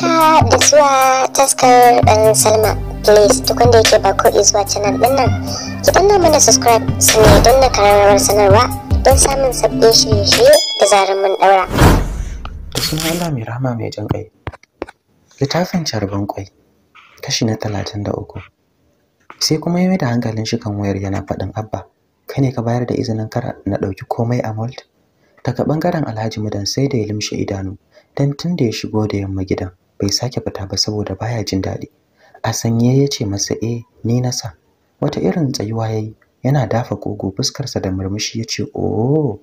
haka da zuwa taskar dan salma please duk wanda yake ba ko zuwa canal din nan ki danna mana subscribe su ne don na kararrawar sanarwa don samun sabbin shirye-shirye da zarar mun daura da suna Allah mai rama mai jan kai littafin carban kwai kashi na talatin da uku sai kuma ya da hankalin shi kan wayar yana faɗin abba kai ne ka bayar da izinin kara na ɗauki komai a malt daga ɓangaren alhaji mudan sai da ya limshe idanu don tun da ya shigo da yamma gidan bai sake fita ba saboda baya jin daɗi a sanye ya ce masa eh ni na sa wata irin tsayuwa ya yi yana dafa kogo fuskarsa da murmushi ya ce oh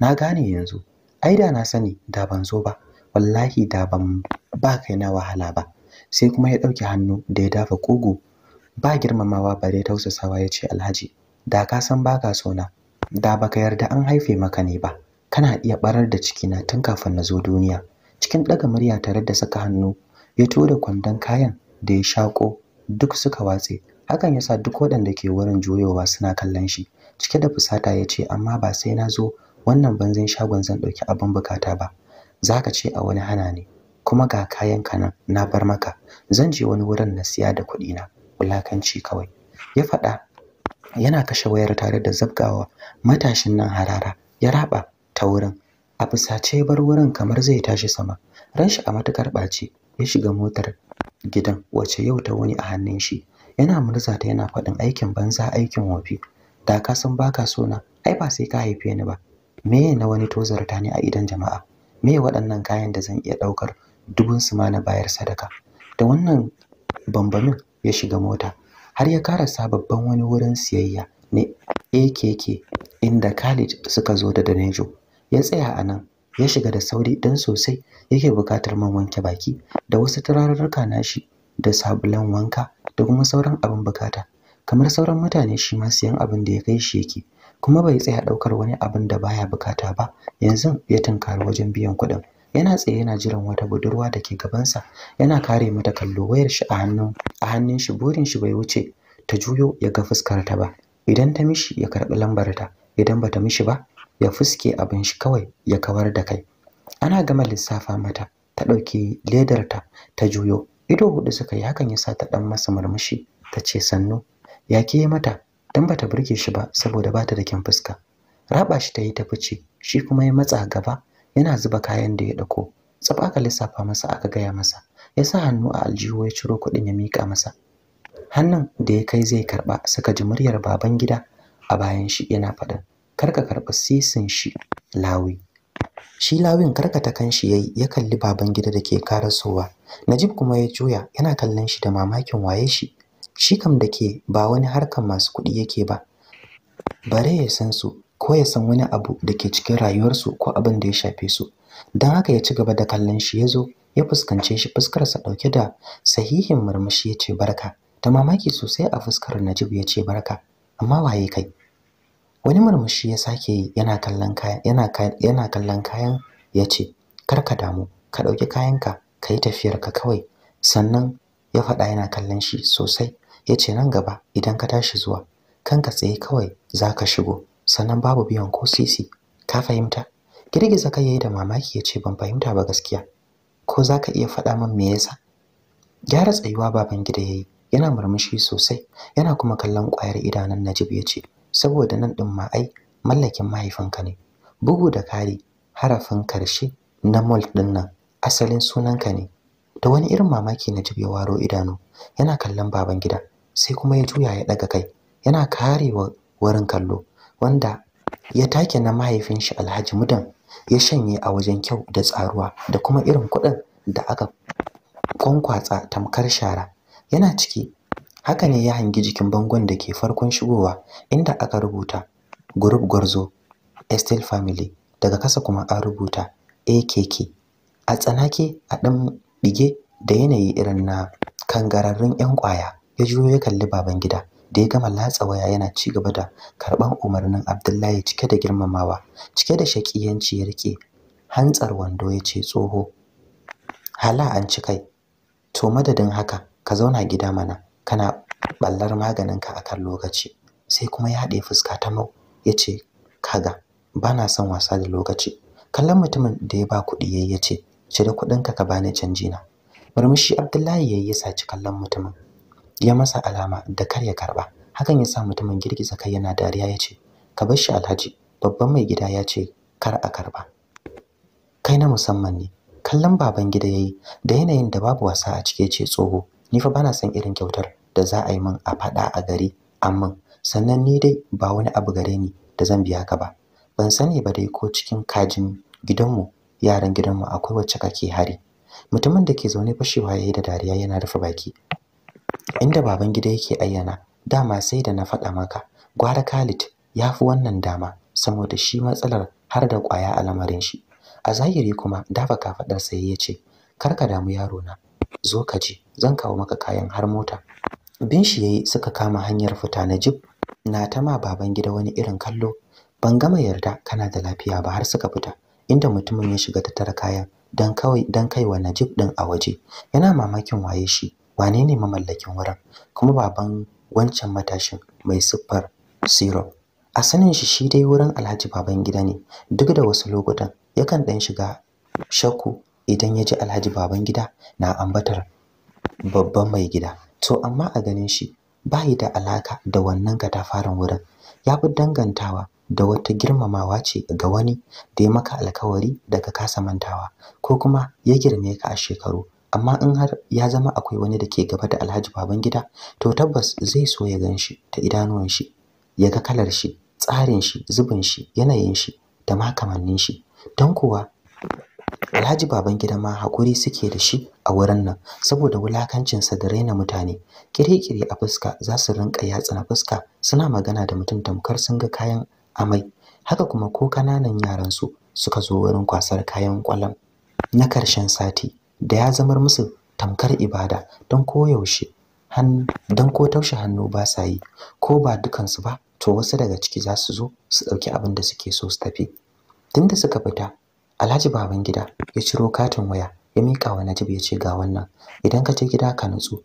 na gane yanzu ai da na sani da ban zo ba wallahi da ban ba kai na wahala ba sai kuma ya ɗauki hannu da ya dafa kogo ba girmamawa bare tausasawa ya ce alhaji da ka san ba ka so na da baka yarda an haife maka ne ba kana iya barar da cikina tun kafin na zo duniya cikin ɗaga murya tare da saka hannu ya tura kwandon kayan da ya shaƙo duk suka watse hakan ya sa duk waɗanda ke wurin juyowa suna kallon shi cike da fusata ya ce amma ba sai na zo wannan banzan shagon zan ɗauki abin bukata ba za ka ce a wani hana ne kuma ga kayan ka nan na bar maka zan je wani wurin na siya da na wulakanci kawai ya faɗa yana kashe wayar tare da zabgawa matashin nan harara ya raba ta wurin a fusace bar wurin kamar zai tashi sama ran a matukar ɓace ya shiga motar gidan wace yau ta wani a hannun shi yana murza ta yana faɗin aikin banza aikin wofi da ka san baka so na ai ba sai ka haife ni ba Me na wani tozarta ne a idan jama'a Me waɗannan kayan da zan iya ɗaukar dubun su ma na bayar sadaka da wannan bambamin ya shiga mota har ya karasa babban wani wurin siyayya ne AKK inda Khalid suka zo da Danejo ya tsaya a nan ya shiga da sauri dan sosai yake buƙatar man wanke baki da wasu turarurruka nashi da sabulan wanka da kuma sauran abin bukata kamar sauran mutane shi ma siyan abin da ya kai shi yake kuma bai tsaya ɗaukar wani abin da baya bukata ba yanzu ya tunkari wajen biyan kuɗin yana tsaye yana jiran wata budurwa da ke gabansa yana kare mata kallo wayar shi a hannun a hannun shi burin shi bai wuce ta juyo ya ga fuskar ta ba idan ta mishi ya karɓi lambar ta idan bata mishi ba ya fuske abin shi kawai ya kawar da kai ana gama lissafa mata ta ɗauki ledarta ta juyo ido hudu suka yi hakan yasa ta ɗan masa murmushi ta ce sannu ya ke mata dan bata burge shi ba saboda bata da kyan fuska raba shi ta yi ta fice shi kuma ya matsa gaba yana zuba kayan da ya ɗauko tsaf aka lissafa masa aka gaya masa ya sa hannu a aljihu ya ciro kuɗin ya mika masa hannun da ya kai zai karɓa suka ji muryar baban gida a bayan shi yana faɗin karka ka karɓi sisin shi lawi shi lawin ta kanshi yayi ya kalli baban gida da ke karasowa najib kuma ya juya yana kallon shi da mamakin waye shi shi kam da ke ba wani harkar masu kuɗi yake ba bare ya san su ko ya san wani abu da ke cikin rayuwarsu ko abin da ya shafe su don haka ya ci gaba da kallon shi ya zo ya fuskance shi fuskarsa ɗauke da sahihin murmushi ya ce barka da mamaki sosai a fuskar najib ya ce barka amma waye kai wani murmushi ya sake yi yana kallon kayan yana ya ce kar ka damu ka ɗauki kayanka ka yi ka kawai sannan ya faɗa yana kallon shi sosai ya ce nan gaba idan ka tashi zuwa kanka tsaye kawai za ka shigo sannan babu biyan ko sisi ka fahimta girgiza kai yayi da mamaki ya ce ban fahimta ba gaskiya ko za ka iya faɗa min me yasa gyara tsayuwa baban gida yayi yana murmushi sosai yana kuma kallon kwayar idanun Najib ya ce saboda nan ɗin ma ai mallakin mahaifinka ne bugu da kari harafin karshe na malt ɗin nan asalin sunanka ne da wani irin mamaki na jibe waro idanu yana kallon baban gida sai kuma ya juya ya daga kai yana karewa wurin kallo wanda ya take na mahaifin shi Alhaji Mudan ya shanye a wajen kyau da tsaruwa da kuma irin kuɗin da aka kwankwatsa tamkar shara yana ciki haka ne ya hangi jikin bangon da ke farkon shigowa inda aka rubuta group gwarzo estel family daga kasa kuma an rubuta akk a tsanake a ɗan ɗige da yanayi irin na kangararrun 'yan kwaya ya juyo ya kalli baban gida da ya gama latsa waya yana ci gaba da karɓan umarnin abdullahi cike da girmamawa cike da shaƙiyanci ya rike hantsar wando ya ce tsoho hala an ci kai to madadin haka ka zauna gida mana kana ballar maganinka akan lokaci sai kuma ya haɗe fuska ta mau ya ce kaga ba na son wasa da lokaci kallon mutumin da ya ba kuɗi yayi ya ce cire kuɗinka ka bani canji na murmushi abdullahi yayi ya saci kallon mutumin ya masa alama da kar ya karba hakan ya sa mutumin girgiza kai yana dariya ya ce ka bar shi alhaji babban mai gida ya ce kar a karba kai na musamman ne kallon baban gida yayi da yanayin da babu wasa a cike ce tsoho ni fa bana son irin kyautar da za a yi min a faɗa a gari amma sannan ni dai ba wani abu gare ni da zan biya ka ba ban sani ba dai ko cikin kajin gidanmu yaran gidanmu akwai wacce kake hari mutumin da ke zaune fashewa yayi da dariya yana rufe baki inda baban gida yake ayyana dama sai da na faɗa maka gwara Khalid ya fi wannan dama saboda shi matsalar har da ƙwaya a lamarin shi a zahiri kuma dafa kafaɗarsa ya ce kar ka damu yaro na zo ka je. zan kawo maka kayan har mota bin shi yayi suka kama hanyar fita na jib na ta ma baban gida wani irin kallo ban gama yarda kana da lafiya ba har suka fita inda mutumin ya shiga tattara kayan dan kawai dan wa Najib din a waje yana mamakin waye shi wane ne mamallakin wurin kuma baban wancan matashin mai siffar siro. a sanin shi shi dai wurin Alhaji baban gida ne duk da wasu lokutan yakan ɗan shiga shakku idan ya ji Alhaji baban gida na ambatar babban mai gida to amma a ganin shi ba yi da alaka da wannan katafaren wurin ya fi dangantawa da wata girmamawa ce ga wani da ya maka alkawari da ka kasa mantawa ko kuma ya girme ka a shekaru amma in har ya zama akwai wani da ke gaba da Alhaji baban gida to tabbas zai so ya gan shi ta idanuwan shi ya ga kalar shi tsarin shi zubin shi yanayin shi da ma kamannin shi don kuwa Alhaji baban gida ma hakuri suke da shi a wurin nan saboda wulakancinsa da raina mutane ƙire-kire a fuska za su rinka yatsa na fuska suna magana da mutum tamkar sun ga kayan amai haka kuma ko kananan yaran su suka zo wurin kwasar kayan kwalam na karshen sati da ya zamar musu tamkar ibada don koyaushe don ko taushe hannu ba sa yi ko ba dukansu ba to wasu daga ciki za su zo su ɗauki abin da suke so su tafi tunda suka fita alhaji babangida ya ciro katin waya ya mika wa Najib ya ce ga wannan idan ka je gida ka nutsu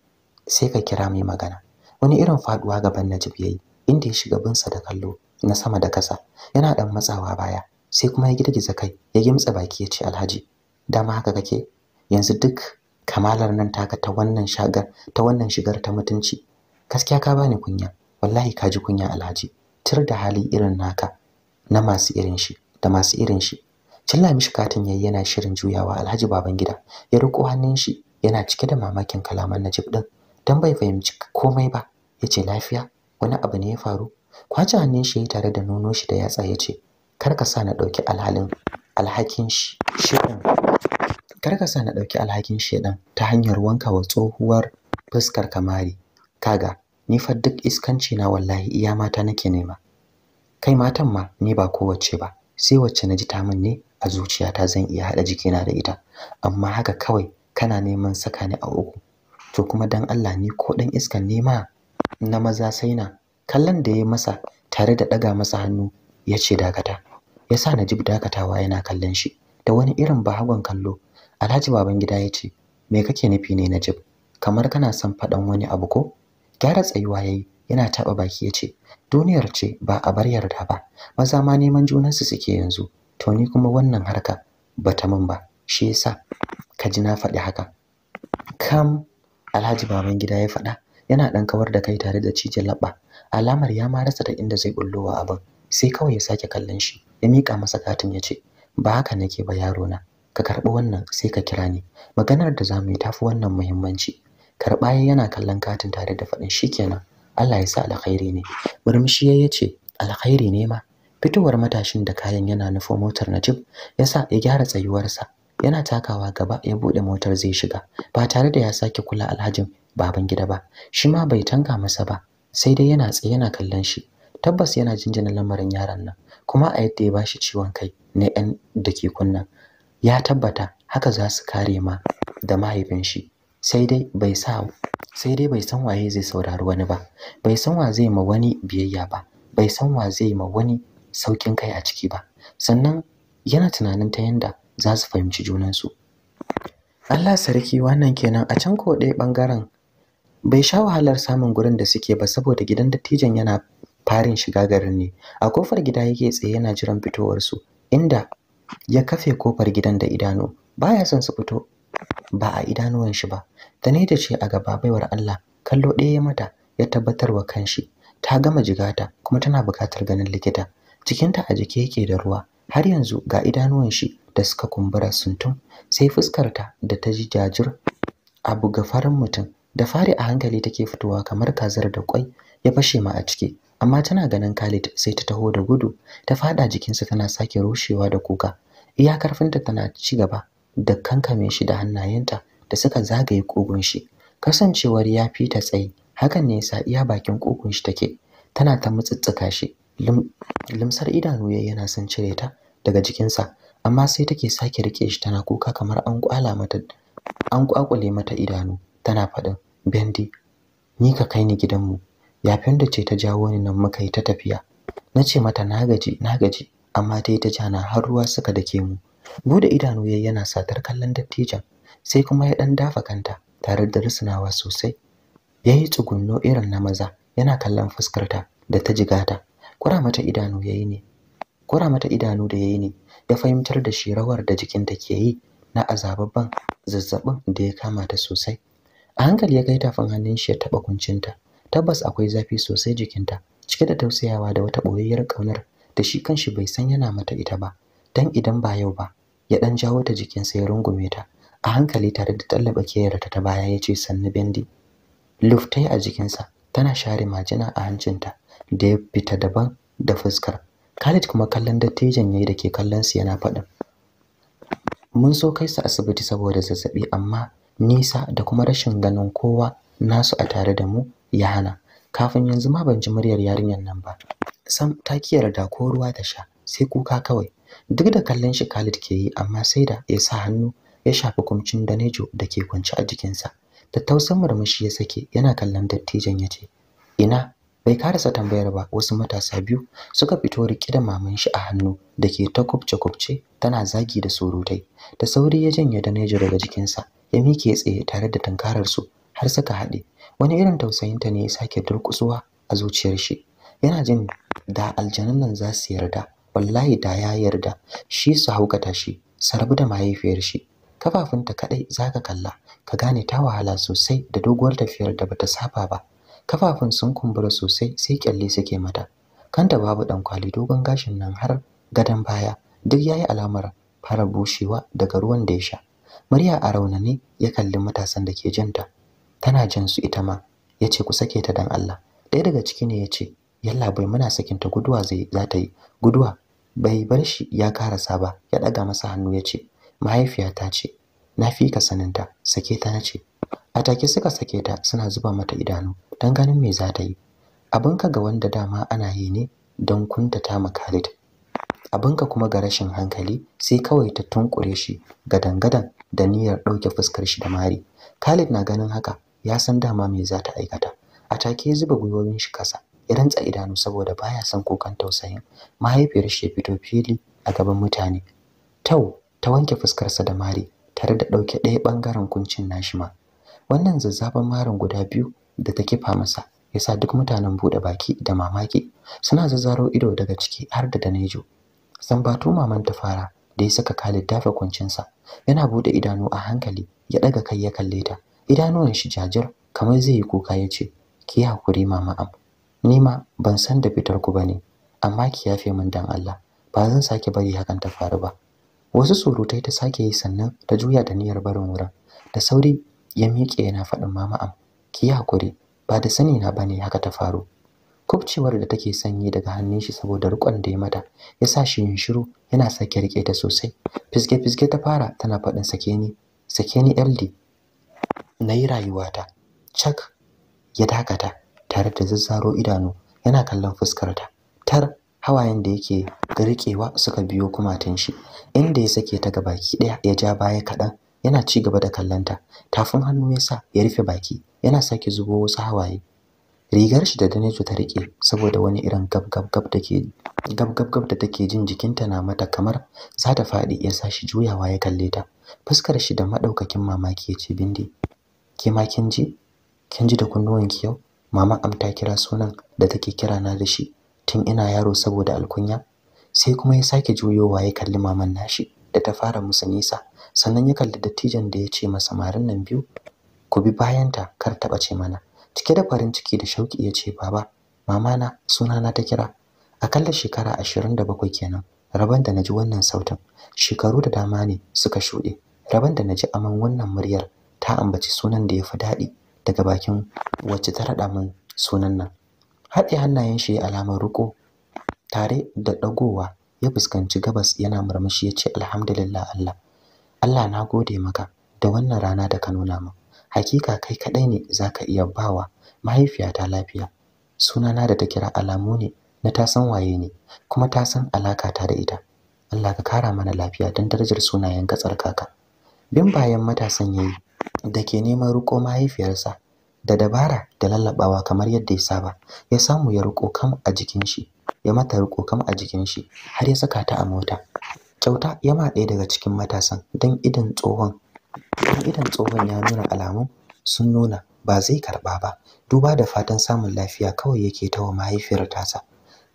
sai ka kira mai magana wani irin faduwa gaban Najib yayi inda ya shiga binsa da kallo na sama da kasa yana dan matsawa baya sai kuma ya girgiza kai ya gimtsa baki ya ce Alhaji dama haka kake yanzu duk kamalar nan taka ta wannan shagar ta wannan shigar ta mutunci gaskiya ka bani kunya wallahi ka ji kunya Alhaji tir da hali irin naka na masu irin shi da masu irin shi Cilla mishi katin yayi yana shirin juyawa Alhaji Babangida ya riko hannun shi yana cike da mamakin kalaman Najib din dan bai fahimci komai ba yace lafiya wani abu ne ya faru kwace hannun shi tare da nono shi da yatsa yace kar ka sa na dauki alhalin alhakin shi shedan kar ka sa na dauki alhakin ta hanyar wanka wa tsohuwar fuskar kamari kaga ni fa duk iskanci na wallahi iya mata nake nema kai matan ma ni ba kowace ba sai wacce naji ta min ne a zuciyata zan iya haɗa jikina da ita amma haka kawai kana neman saka ni a uku to kuma dan Allah ni ko dan iskan nema na maza sai na kallon da ya masa tare da daga masa hannu ya ce dakata yasa Najib dakatawa yana kallon shi da wani irin bahagon kallo Alhaji Babangida ya ce me kake nufi ne Najib kamar kana son faɗan wani abu ko gyara tsayuwa yayi yana taɓa baki ya ce duniyar ce ba a bar yarda ba maza ma neman junansu suke yanzu to ni kuma wannan harka bata min ba shi yasa ka ji na faɗi haka kam Alhaji gida ya faɗa yana ɗan kawar da kai tare da cije labba alamar ya ma rasa da inda zai bullowa abin sai kawai ya sake kallon shi ya mika masa katin ya ce ba haka nake ba yaro na ka karɓi wannan sai ka kira ni maganar da zamu yi tafi wannan muhimmanci karɓa yana kallon katin tare da faɗin shikenan Allah ya sa alkhairi ne murmushi ya ce alkhairi ne ma fitowar matashin da kayan yana nufin motar Najib yasa ya gyara tsayuwarsa yana takawa gaba ya bude motar zai shiga ba tare da ya sake kula Alhajin baban gida ba shi ma bai tanga masa ba sai dai yana tsaye yana kallon shi tabbas yana jinjina lamarin yaran nan kuma a yadda ya bashi ciwon kai na yan dakikun nan ya tabbata haka za su kare ma da mahaifin shi sai dai bai sa sai dai bai san waye zai saurari wani ba bai san wa zai ma wani biyayya ba bai san wa zai ma wani saukin kai a ciki ba sannan yana tunanin ta yanda za su fahimci junansu Allah sarki wannan kenan a can ko ɗaya ɓangaren bai sha wahalar samun gurin da suke ba saboda gidan dattijan yana farin shiga garin ne a kofar gida yake tsaye yana jiran fitowarsu inda ya kafe kofar gidan da idanu baya son su fito ba a idanuwan shi ba ta ne da ce a gaba baiwar Allah kallo ɗaya ya mata ya tabbatar wa kanshi ta gama jigata kuma tana buƙatar ganin likita cikinta a jike yake da ruwa har yanzu ga idanuwan shi da suka kumbura suntum sai fuskarta da ta ji jajir abu ga farin mutum da fari a hankali take fitowa kamar kazar da kwai ya fashe ma a ciki amma tana ganin Khalid sai ta taho da gudu ta fada jikinsa tana sake rushewa da kuka iya karfinta tana ci gaba da kankame shi da hannayenta da suka zagaye kogon shi kasancewar ya fita tsayi hakan ne yasa iya bakin kogon shi take tana ta mutsutsuka shi limsar idanu yayi yana son cire ta daga jikinsa amma sai take sake rike shi tana kuka kamar an kwala mata an kwakule mata idanu tana faɗin bendi ni ka kai ni gidanmu yafin da ce ta jawo ni nan muka yi ta tafiya nace mata na gaji na gaji amma dai ta jana har ruwa suka dake mu bude idanu yayi yana satar kallon dattijan sai kuma ya dan dafa kanta tare da rusunawa sosai yayi tsugunno irin na maza yana kallon fuskarta da ta jigata kura mata idanu yayi ne kura mata idanu da yayi ne ya fahimtar da shi rawar da ta ke yi na azababban zazzabin da ya kama ta sosai a hankali ya kai tafin hannun shi ya taba kuncinta tabbas akwai zafi sosai jikinta cike da tausayawa da wata boyayyar kaunar da shi kanshi bai san yana mata ita ba dan idan ba yau ba ya dan jawo ta jikinsa ya rungume ta a hankali tare da tallaba keyarta ta baya ya ce sannu bendi luftai a jikinsa tana share majina a hancinta da ya fita daban da fuskar Khalid kuma kallon dattijan yayi da ke kallon su yana faɗin mun so kai su asibiti saboda zazzabi amma nisa da kuma rashin ganin kowa nasu a tare da mu ya hana kafin yanzu ma ban ji muryar yarinyar nan ba sam ta da ko ruwa ta sha sai kuka kawai duk da kallon shi Khalid ke yi amma sai da ya sa hannu ya shafi kumcin danejo da ke kwance a jikinsa tattausan murmushi ya sake yana kallon dattijan ya ce ina bai karasa tambayar ba wasu matasa biyu suka fito riƙe da maman shi a hannu da ke ta kubce-kubce tana zagi da surutai da sauri ya janye danejo daga jikinsa ya mike tsaye tare da tankarar su har suka haɗe wani irin tausayinta ne ya sake durƙusuwa a zuciyar shi yana jin da aljanun nan za su yarda wallahi da ya yarda shi su haukata shi sarbu da mahaifiyar shi kafafunta kaɗai za ka kalla ka gane ta wahala sosai da doguwar tafiyar da bata saba ba kafafun sun kumbura sosai sai kyalle suke mata kanta babu dan kwali dogon gashin nan har gadan baya duk yayi alamar fara bushewa daga ruwan da ya sha murya a raunane ya kalli matasan da ke jinta tana jin su ita ma yace ku sake ta dan Allah ɗaya daga ciki ne yace yalla bai muna sakin ta guduwa zai za ta yi guduwa bai bar shi ya karasa ba ya ɗaga masa hannu yace mahaifiyata ce na fika saninta sake ta nace atake suka sake ta suna zuba mata idanu don ganin me za ta yi abinka ga wanda dama ana yi ne don kuntata ma Khalid abinka kuma ga rashin hankali sai kawai ta tunkure shi gadan da niyyar ɗauke fuskar shi da mari Khalid na ganin haka ya san dama me za ta aikata a take ya zuba gwiwoyin shi kasa ya rantsa idanu saboda baya son kukan tausayin mahaifiyar shi ya fito fili a gaban mutane tau ta wanke fuskarsa da mari tare da ɗauke ɗaya ɓangaren kuncin nashi ma wannan zazzafin marin guda biyu da ta kifa masa ya sa duk mutanen buɗe baki da mamaki suna zazzaro ido daga ciki har da danejo batu maman ta fara da ya saka Khalid dafa kuncinsa yana buɗe idanu a hankali ya ɗaga kai ya kalle ta idanuwan shi jajir kamar zai yi kuka ya ce ki hakuri mama am ni ma ban san da fitar ku ne, amma ki yafe min dan Allah ba zan sake bari hakan ta faru ba wasu surutai ta sake yi sannan ta juya da niyyar barin wurin da sauri ya miƙe yana faɗin mama am ki yi hakuri ba da sani na bane haka ta faru kubcewar da take sanye daga hannun shi saboda rikon da ya mata ya sa shi yin shiru yana sake rike ta sosai fiske fiske ta fara tana faɗin sake ni sake ni LD na yi rayuwata cak ya dakata tare da zazzaro idanu yana kallon fuskar ta tar hawayen da yake rikewa suka biyo tun shi inda ya sake ta gabaki daya ya ja baya kaɗan yana ci gaba da kallanta tafin hannu ya sa ya rufe baki yana sake zubo wasu hawaye rigar shi da danejo ta rike saboda wani irin gab da ke da take jin jikinta na mata kamar za ta faɗi ya sa shi juyawa ya kalle ta fuskar shi da madaukakin mamaki ya ce bindi ke ma kin ji kin ji da kunnuwanki yau mama amta kira sunan da take kira na da shi tun ina yaro saboda alkunya sai kuma ya sake juyowa ya kalli maman nashi da ta fara musu nisa sannan ya kalli dattijon da ya ce ma samarin nan biyu ku bi bayanta kar ta ɓace mana cike da farin ciki da shauki ya ce baba mama na suna na ta kira akalla shekara ashirin da bakwai kenan raban da na ji wannan sautin shekaru da dama ne suka shuɗe raban da na ji aman wannan muryar ta ambaci sunan da ya fi daɗi daga bakin wacce ta raɗa min sunan nan haɗe hannayen shi ya alamar riko tare da ɗagowa ya fuskanci gabas yana murmushi ya ce alhamdulillah Allah Allah na gode maka da wannan rana da ka nuna min hakika kai kadai ne za ka iya bawa mahaifiyata lafiya sunana da ta kira alamu ne na ta san waye ne kuma ta san alakata da ita Allah ka kara mana lafiya don darajar sunayen ka tsarkaka bin bayan matasan yayi da ke neman riko mahaifiyarsa da dabara da lallabawa kamar yadda ya saba ya samu ya riko kam a jikin shi ya mata riko kam a jikin shi har ya saka ta a mota kyauta ya ma ɗaya daga cikin matasan don idan tsohon don idan tsohon ya nuna alamun sun nuna ba zai karɓa ba duba da fatan samun lafiya kawai yake ta wa mahaifiyar tasa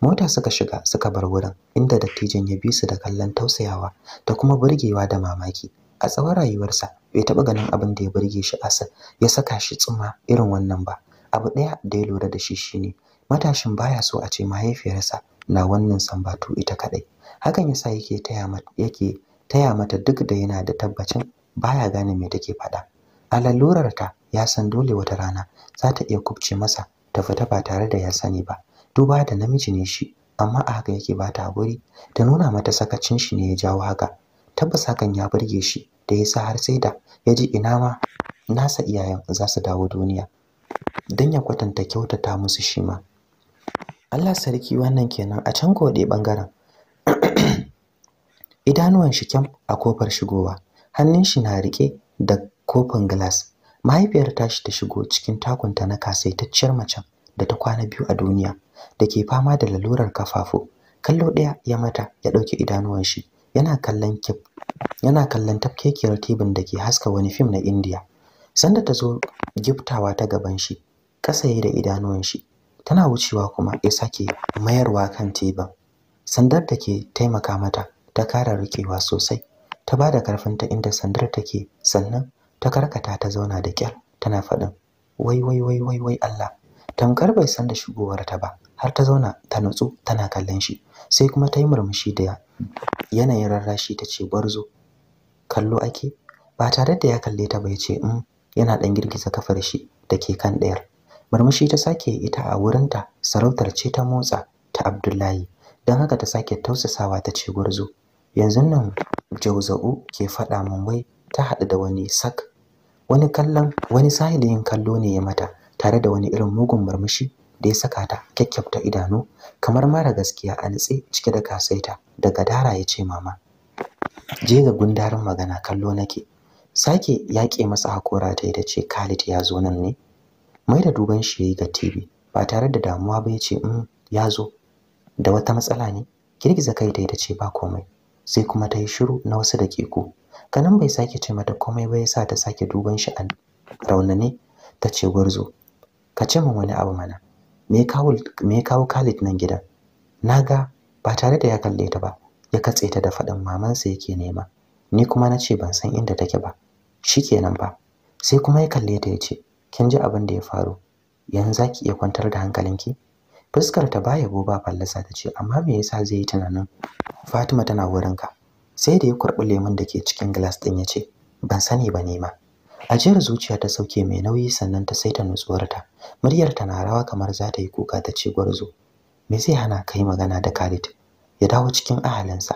mota suka shiga suka bar wurin inda dattijan ya bi su da kallon tausayawa da kuma burgewa da mamaki a tsawon rayuwarsa bai taɓa ganin abin da ya burge shi asa ya saka shi tsuma irin wannan ba abu ɗaya da ya lura da shi shine matashin baya so a ce mahaifiyarsa na wannan sambatu ita kaɗai hakan yasa yake taya mata yake taya mata duk da yana da tabbacin baya gane me take faɗa a ta ya san dole wata rana za ta iya kubce masa ta fita ba tare da ya sani ba duba da namiji ne shi amma a haka yake bata wuri, ta nuna mata sakacin shi ne ya jawo haka tabbas hakan ya burge shi da yasa har sai da ya ji ina ma nasa iyayen za su dawo duniya don ya kwatanta kyautata musu shi ma Allah sarki wannan kenan a can gode bangaren idanuwan shi kyam a kofar shigowa hannun shi na rike da kofin glass mahaifiyar tashi ta shigo cikin takunta na kasaitacciyar macen da ta kwana biyu a duniya da ke fama da lalurar kafafu kallo ɗaya ya mata ya ɗauki idanuwan shi yana kallon yana kallon tafkekiyar tibin da ke haska wani fim na indiya sanda ta zo giftawa ta gaban shi kasaye da idanuwan shi tana wucewa kuma ya sake mayarwa kan tibin sandar da ke taimaka mata ta kara rikewa sosai ta bada karfinta inda sandar take sannan ta karkata ta zauna da kyar tana faɗin wai wai wai wai wai Allah tamkar bai san da shigowar ta ba har ta zauna ta nutsu tana kallon shi sai kuma ta yi murmushi da yanayin rarrashi ta ce gwarzo kallo ake ba tare da ya kalle ta ba ya ce in mm, yana ɗan girgiza kafar shi da ke kan ɗayar murmushi ta sake ita a wurinta sarautar ce ta motsa ta abdullahi don haka ta sake tausasawa ta ce gwarzo Yanzu nan jauza'u ke faɗa min wai ta haɗu da wani sak wani kallon wani yin kallo ne ya mata tare da wani irin mugun murmushi da ya saka ta kyakkyafta idanu kamar mara gaskiya a nitse cike da kasaita daga dara ya ce mama je ga gundarin magana kallo nake sake yaƙe masa hakora ta da ce Khalid ya zo nan ne mai da duban shi ya yi ga TV ba tare da damuwa ba ya ce mm, ya zo da wata matsala ne girgiza kai ta da ce ba komai sai kuma ta yi shiru na wasu da daƙiƙu kanan bai sake ce mata komai bai sa ta sake duban shi Rauna raunane ta ce gwarzo ka ce min wani abu mana me ya kawo Khalid nan gidan ga. ba tare da ya kalle ta ba ya katse ta da faɗin mamansa yake nema ni kuma na ce ban san inda take ba shi kenan ba sai kuma ya kalle ta ya ce kin ji abin da ya faru yanzu za ki iya kwantar da hankalinki fuskar ta baya boba fallasa ta ce amma me yasa zai yi tunanin Fatima tana wurin ka. sai da ya kurbi lemun da ke cikin glass ɗin ya ce ban sani ba ne ma ajiyar zuciya ta sauke mai nauyi sannan ta saita nutsuwarta muryar ta na rawa kamar za ta yi kuka ta ce gwarzo me zai hana kai magana da Khalid ya dawo cikin ahalinsa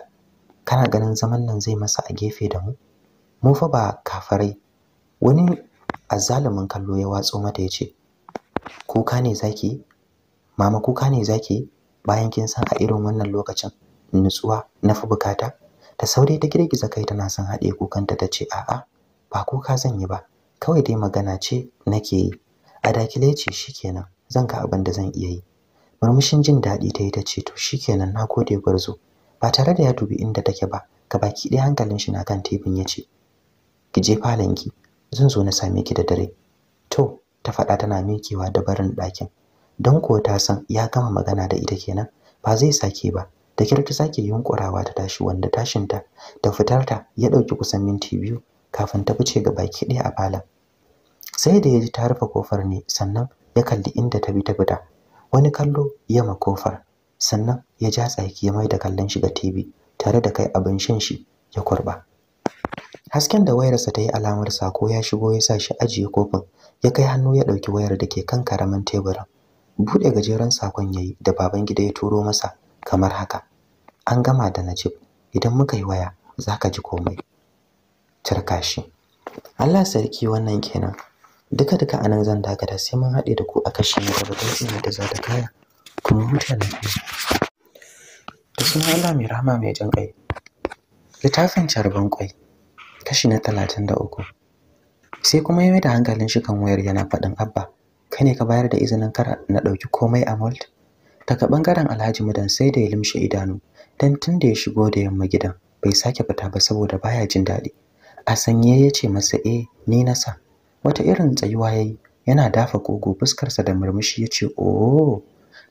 kana ganin zaman nan zai masa a gefe da mu mu fa ba kafarai wani azzalumin kallo ya watso mata ya ce kuka ne zaki mama kuka ne zaki bayan kin san a irin wannan lokacin nutsuwa nafi bukata ta saurayi ta girgiza kai tana son haɗe kukanta ta ce a'a ba kuka zan yi ba kawai dai magana ce nake yi a dakile ce shikenan zan ka abin da zan iya yi murmushin jin daɗi ta yi ta ce to shikenan na gode gwarzo ba tare da ya dubi inda take ba ka baki ɗaya hankalin shi na kan tebin ya ce ki je falon zan zo na same ki da dare to ta faɗa tana mikewa da barin ɗakin don ko ta san ya gama magana da ita kenan ba zai sake ba da kyar ta sake yunkurawa ta tashi wanda ta da fitarta ya ɗauki kusan minti biyu kafin ta fice ga baki ɗaya a falon sai da ya ji ta rufe kofar ne sannan ya kalli inda ta bi ta fita wani kallo ya ma kofar sannan ya ja tsaki ya mai da kallon shi ga TV tare da kai abin shan shi ya kurba hasken da wayarsa ta yi alamar sako ya shigo ya sa shi ajiye kofin ya kai hannu ya ɗauki wayar da ke kan karamin teburin Buɗe gajeren sakon yayi da baban gida ya turo masa kamar haka. An gama da Najib, idan muka yi waya zaka ji komai. Tarkashi. Allah sarki wannan kenan. Duka duka anan zan da sai mun haɗe da ku a kashi na gaba don jin za ta kaya. Kuma mutane da suna Allah mai rahama mai jan kai Littafin carban ƙwai kashi na talatin da uku. Sai kuma ya mai da hankalin shi kan wayar yana faɗin Abba kai ne ka bayar da izinin kar na ɗauki komai a malt daga bangaren alhaji mudan sai da ya limshe idanu dan tun da ya shigo da yamma gidan bai sake fita ba saboda baya jin daɗi a sanye ya ce masa e ni na sa wata irin tsayuwa yayi yana dafa kogo fuskarsa da murmushi ya ce oh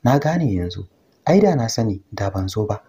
na gane yanzu ai da na sani da ban zo ba